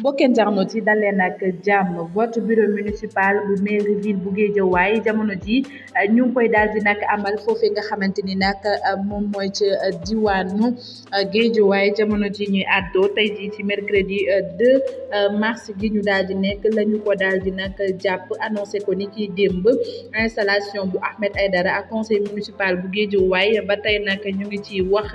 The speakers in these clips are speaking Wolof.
mbokk internautes yi dal leen ak jàmm vote bureau municipal bu mairie ville bu Guédiawaye jamono ji ñu koy daal di nag amal foofee nga xamante ni nag moom mooy ca diwaanu Guédiawaye jamono ji ñuy àddoo tey ji ci mercredi 2 mars gi ñu daal di nekk la ko daal di nag jàpp annoncé ko ni kii démb installation bu Ahmed Aidara ak conseil municipal bu Guédiawaye ba tey nag ñu ngi ci wax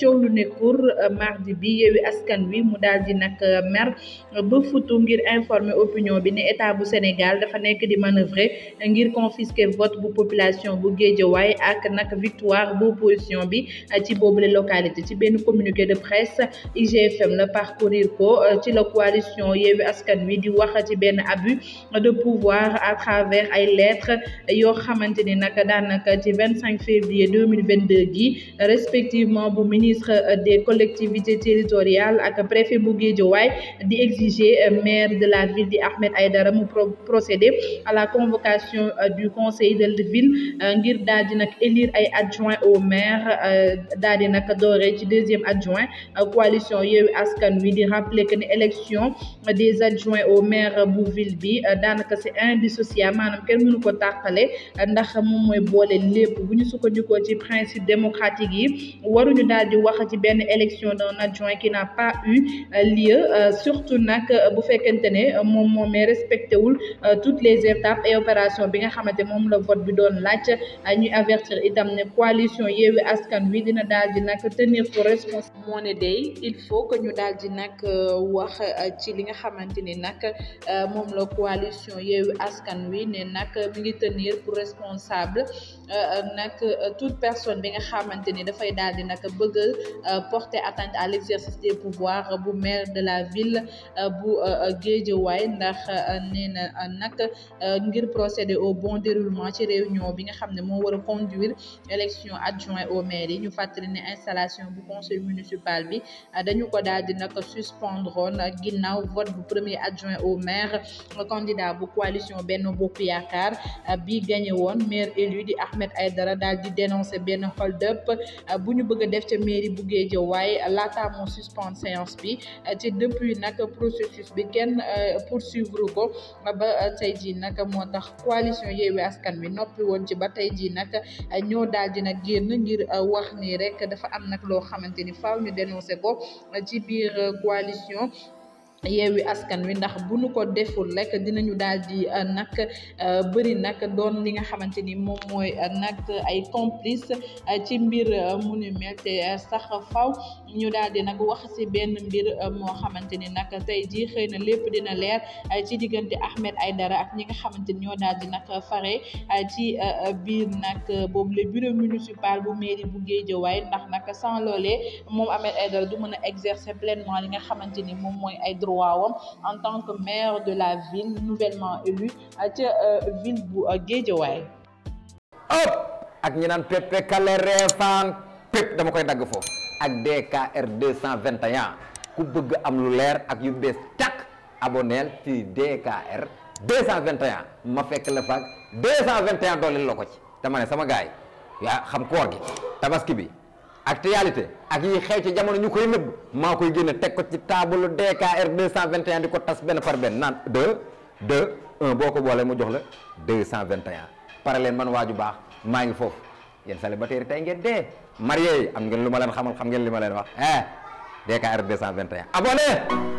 coow lu ne cour mardi bi yeewi askan wi mu daal di nag mer ba futu ngir informer opinion bi ne état bu Sénégal dafa nekk di manœuvrer ngir confisquer vote bu population bu Guédiawaye ak nag victoire bu opposition bi euh, ci boobu le localité ci benn communiqué de presse IGFM la parcourir ko euh, ci la coalition Yewwi Askan Wi di wax ci benn abus de pouvoir à travers ay lettres yoo xamante ni nag daanaka ci vingt cinq février deux mille vingt deux gi respectivement bu ministre euh, des collectivités territoriales ak préfet bu Guédiawaye di exiger euh, maire de la ville di Ahmed Aïdara mu procéder à la convocation euh, du conseil de ville euh, ngir daal di nag élire ay adjoint au maire daal di nag doore ci deuxième adjoint coalition Yewwi Askan Wi di rappeler que ne élection des adjoints au maire bu ville bi daanaka c'est indissociable maanaam kenn mënu ko tàqale ndax moom mooy boole lépp bu ñu sukkandikoo ci principe démocratique yi waruñu daal di wax benn élection d'un adjoint qui n'a pas eu nag euh, bu fekkente ne euh, moom moomee respecté wul euh, toutes les étapes et opérations bi nga xamante moom la vote bi doon laaj ñuy avertir itam ne coalition Yewwi Askan Wi dina daal nag tenir pour responsable moo ne day il ñu daal di nag wax ci li nga xamante ni nag moom la coalition Askan Wi ne nag mi ngi tenir pour responsable nag toute personne bi nga xamante ni dafay daal di nag bëgg porter atteinte à l'exercice des pouvoirs bu maire de la ville bu euh, euh, Guédiawaye ndax euh, nee na nag ngir procéder au bon déroulement ci réunion bi nga xam ne moom war a conduire élection adjoint au maire yi ñu fàttali ne installation bu conseil municipal bi dañu ko daal di nag suspendroon ginnaaw vote bu premier adjoint au maire candidat bu coalition Benno Bokk Yaakaar bi gagné woon maire élu di Ahmed dara daal di dénoncer benn hold up bu ñu bëgg def ca mairie bu Guédiawaye laataa moo suspendre séance bi ci depuis nag processus bi kenn euh, poursuivre ko ba euh, tey jii nag moo tax coalition Yewwi Askan Wi noppi woon ci ba tey jii nag euh, ñoo daal di nag génn ngir wax nii rek dafa am nag loo xamante ni faaw ñu dénoncé ko ci biir coalition. yeewi askan wi ndax bu nu ko deful rek dinañu daal di nag bëri nag doon li nga xamante ni moom mooy nag ay complice ci mbir mu ni mel te sax faw ñu daal di nag wax si benn mbir euh, moo xamante ni nag tey jii xëy na lépp dina leer euh, ci diggante Ahmed dara ak ñi nga xamante ni ñoo daal di nag fare euh, ci biir nag boobu le bureau municipal bu mairie bu Guédiawaye ndax nag sans loolee moom Ahmed Aïdara du mën a exercer pleinement li nga xamante ni moom mooy ay droit wam en tant que maire de la ville nouvellement élu ca ville bu Guédiawaye ëpp ak ñi naan pepe kale reefaan pép dama koy dagg foofu ak DKR 221 ku bëgg am lu leer ak yu bees takk aboneel ci DKR 221 ma fekk la faag 221 dooleel la ko ci dama ne sama gars yi yaa xam koor gi tabaski bi actualité ak yi xew ci jamono ñu koy nëbb maa koy génne teg ko ci taabalu DKR 221 di ko tas benn par benn naan 2 2 boo ko boolee mu jox la 221 pare leen man waaju baax maa ngi foofu yéen célibataire tey ngeen dee marié yi am ngeen lu ma leen xamal xam ngeen li ma leen wax eh DKR 221 abonné